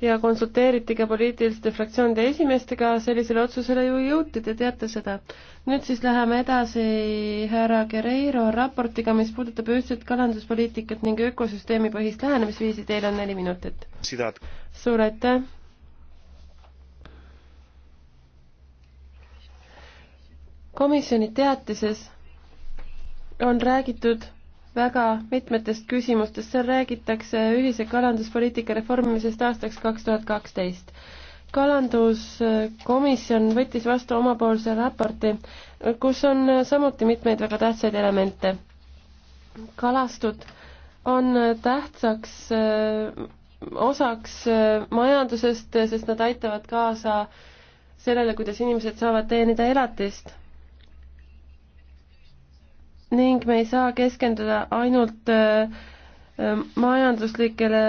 ja konsulteeriti ka poliitiliste fraktsioonide esimeestega, sellisele otsusele ju jõuti, te teate seda. nüüd siis läheme edasi härra Guerreiro raportiga, mis puudutab ühtset kalanduspoliitikat ning ökosüsteemipõhist lähenemisviisi, teil on neli minutit. suur aitäh! komisjoni teatises on räägitud väga mitmetest küsimustest, seal räägitakse ühise kalanduspoliitika reformimisest aastaks kaks tuhat kaksteist. kalanduskomisjon võttis vastu omapoolse raporti, kus on samuti mitmeid väga tähtsaid elemente. kalastud on tähtsaks äh, osaks äh, majandusest, sest nad aitavad kaasa sellele, kuidas inimesed saavad teenida elatist ning me ei saa keskenduda ainult äh, äh, majanduslikele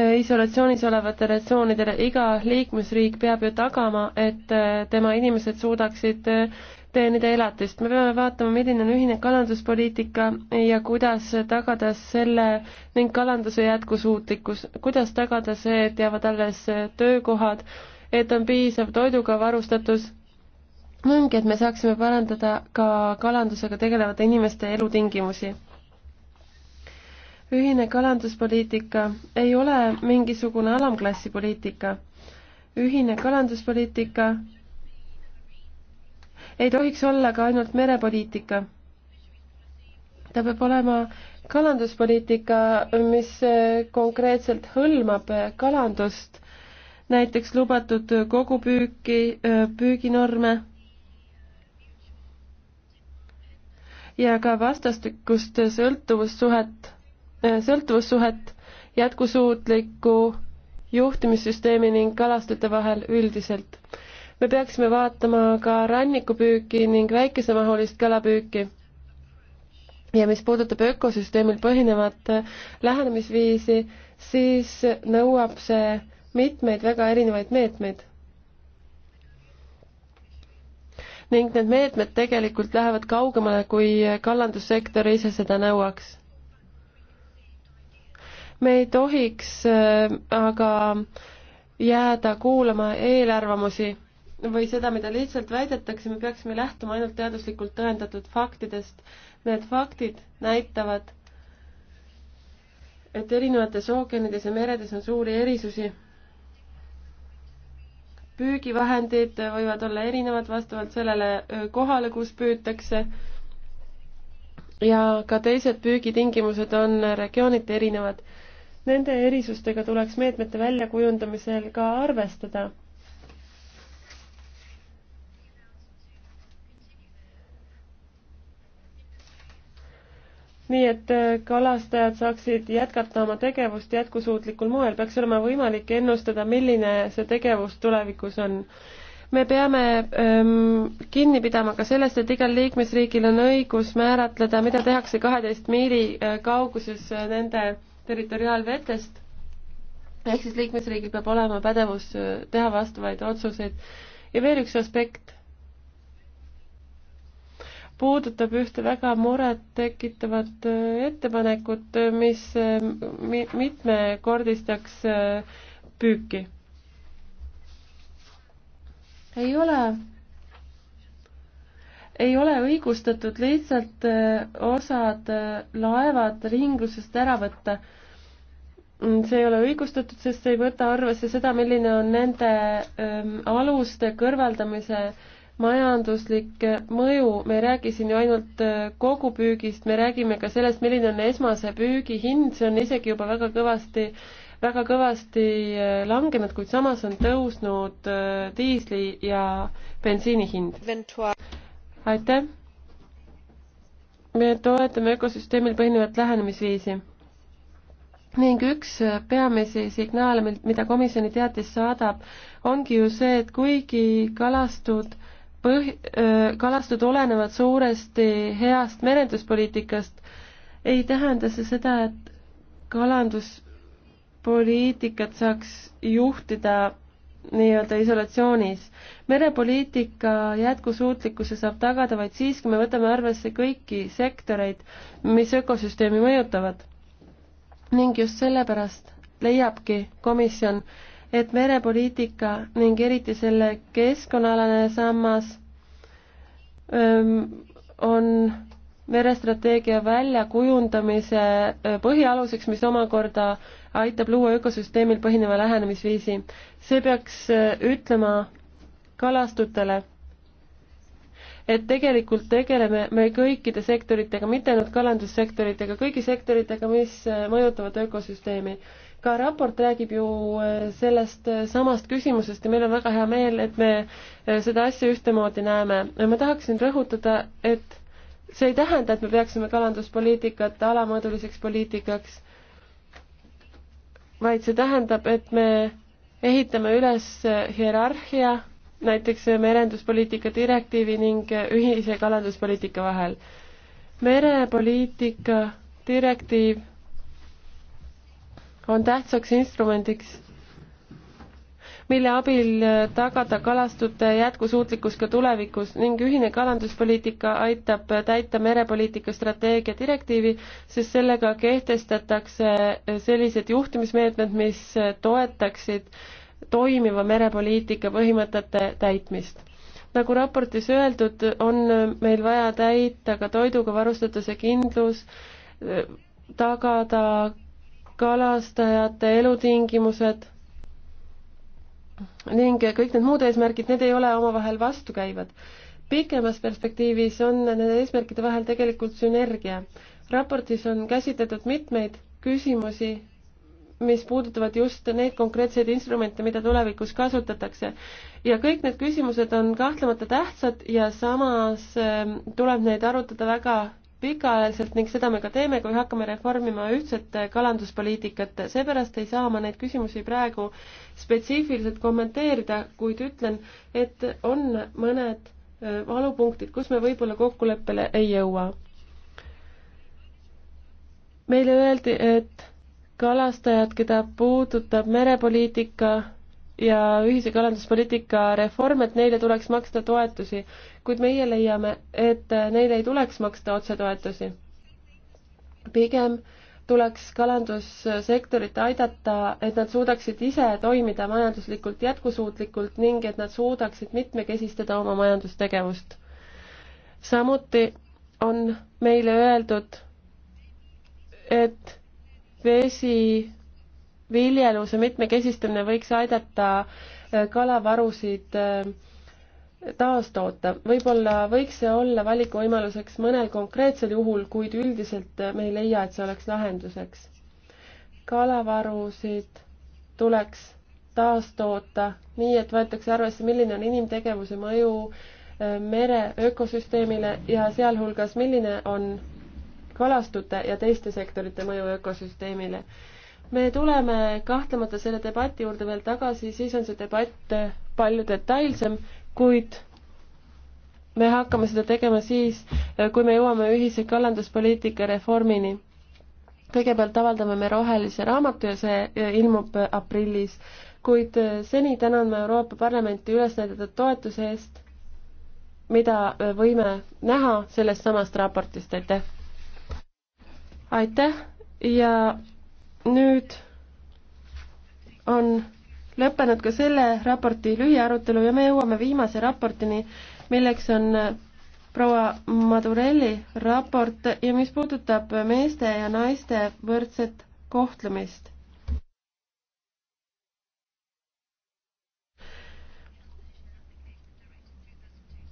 äh, isolatsioonis olevatele tsoonidele, iga liikmesriik peab ju tagama, et tema inimesed suudaksid teenida elatist. me peame vaatama, milline on ühine kalanduspoliitika ja kuidas tagada selle ning kalanduse jätkusuutlikkus, kuidas tagada see, et jäävad alles töökohad, et on piisav toiduga varustatus ning et me saaksime parandada ka kalandusega tegelevate inimeste elutingimusi. ühine kalanduspoliitika ei ole mingisugune alamklassi poliitika. ühine kalanduspoliitika ei tohiks olla ka ainult merepoliitika. ta peab olema kalanduspoliitika, mis konkreetselt hõlmab kalandust, näiteks lubatud kogupüüki, püüginorme ja ka vastastikust sõltuvussuhet, äh, sõltuvussuhet, jätkusuutliku juhtimissüsteemi ning kalastute vahel üldiselt. me peaksime vaatama ka rannikupüüki ning väikesemahulist kalapüüki. ja mis puudutab ökosüsteemil põhinevat äh, lähenemisviisi, siis nõuab see mitmeid väga erinevaid meetmeid ning need meetmed tegelikult lähevad kaugemale, kui kallandussektor ise seda nõuaks. me ei tohiks äh, aga jääda kuulama eelarvamusi või seda, mida lihtsalt väidetakse, me peaksime lähtuma ainult teaduslikult tõendatud faktidest. Need faktid näitavad, et erinevates ookeanides ja meredes on suuri erisusi püügivahendid võivad olla erinevad vastavalt sellele kohale, kus püütakse ja ka teised püügitingimused on regiooniti erinevad. Nende erisustega tuleks meetmete väljakujundamisel ka arvestada nii et äh, kalastajad saaksid jätkata oma tegevust jätkusuutlikul moel, peaks olema võimalik ennustada, milline see tegevus tulevikus on. me peame ähm, kinni pidama ka sellest, et igal liikmesriigil on õigus määratleda, mida tehakse kaheteist miili äh, kauguses äh, nende territoriaalvetest, ehk siis liikmesriigil peab olema pädevus teha vastavaid otsuseid. ja veel üks aspekt puudutab ühte väga murettekitavat äh, ettepanekut, äh, mis äh, mitmekordistaks püüki. ei ole, ei ole õigustatud lihtsalt osad laevad ringlusest ära võtta. see ei ole õigustatud, sest ei võta arvesse seda, milline on nende ähm, aluste kõrvaldamise majanduslik mõju, me ei räägi siin ju ainult äh, kogupüügist, me räägime ka sellest, milline on esmase püügi hind, see on isegi juba väga kõvasti, väga kõvasti äh, langenud, kuid samas on tõusnud äh, diisli ja bensiini hind. aitäh! me toetame ökosüsteemil põhinevat lähenemisviisi ning üks peamisi signaale, mida komisjoni teatis saadab, ongi ju see, et kuigi kalastud äh, põh-, kalastud olenevad suuresti heast merenduspoliitikast, ei tähenda see seda, et kalanduspoliitikat saaks juhtida nii-öelda isolatsioonis. merepoliitika jätkusuutlikkuse saab tagada vaid siis, kui me võtame arvesse kõiki sektoreid, mis ökosüsteemi mõjutavad. ning just sellepärast leiabki komisjon, et merepoliitika ning eriti selle keskkonnaalane sammas on merestrateegia väljakujundamise põhialuseks, mis omakorda aitab luua ökosüsteemil põhineva lähenemisviisi. see peaks ütlema kalastutele et tegelikult tegeleme me kõikide sektoritega, mitte ainult kalandussektoritega, kõigi sektoritega, mis äh, mõjutavad ökosüsteemi. ka raport räägib ju äh, sellest äh, samast küsimusest ja meil on väga hea meel, et me seda asja ühtemoodi näeme. ma tahaksin rõhutada, et see ei tähenda, et me peaksime kalanduspoliitikat alamõõduliseks poliitikaks, vaid see tähendab, et me ehitame üles hierarhia näiteks merenduspoliitika direktiivi ning ühise kalanduspoliitika vahel. merepoliitika direktiiv on tähtsaks instrumendiks, mille abil tagada kalastute jätkusuutlikkus ka tulevikus ning ühine kalanduspoliitika aitab täita merepoliitika strateegia direktiivi, sest sellega kehtestatakse sellised juhtimismeetmed, mis toetaksid toimiva merepoliitika põhimõtete täitmist. nagu raportis öeldud, on meil vaja täita ka toiduga varustatuse kindlus, tagada kalastajate elutingimused ning kõik need muud eesmärgid, need ei ole omavahel vastukäivad. pikemas perspektiivis on nende eesmärkide vahel tegelikult sünergia. raportis on käsitletud mitmeid küsimusi, mis puudutavad just neid konkreetseid instrumente, mida tulevikus kasutatakse. ja kõik need küsimused on kahtlemata tähtsad ja samas ähm, tuleb neid arutada väga pikaajaliselt ning seda me ka teeme, kui hakkame reformima ühtset kalanduspoliitikat. seepärast ei saa ma neid küsimusi praegu spetsiifiliselt kommenteerida, kuid ütlen, et on mõned äh, valupunktid, kus me võib-olla kokkuleppele ei jõua. meile öeldi, et kalastajad, keda puudutab merepoliitika ja ühise kalanduspoliitika reform, et neile tuleks maksta toetusi, kuid meie leiame, et neile ei tuleks maksta otsetoetusi. pigem tuleks kalandussektorit aidata, et nad suudaksid ise toimida majanduslikult jätkusuutlikult ning et nad suudaksid mitmekesistada oma majandustegevust. samuti on meile öeldud, et vesi, viljeluse mitmekesistamine võiks aidata äh, kalavarusid äh, taastoota. võib-olla võiks see olla valikuvõimaluseks mõnel konkreetsel juhul, kuid üldiselt äh, me ei leia, et see oleks lahenduseks. kalavarusid tuleks taastoota nii, et võetakse arvesse, milline on inimtegevuse mõju mere ökosüsteemile ja sealhulgas, milline on kalastute ja teiste sektorite mõju ökosüsteemile. me tuleme kahtlemata selle debati juurde veel tagasi, siis on see debatt palju detailsem, kuid me hakkame seda tegema siis, kui me jõuame ühise kalanduspoliitika reformini. kõigepealt avaldame me rohelise raamatu ja see ilmub aprillis, kuid seni tänan ma Euroopa Parlamenti üles näidatud toetuse eest, mida võime näha sellest samast raportist, aitäh! aitäh ja nüüd on lõppenud ka selle raporti lühiarutelu ja me jõuame viimase raportini, milleks on proua Madurelli raport ja mis puudutab meeste ja naiste võrdset kohtlemist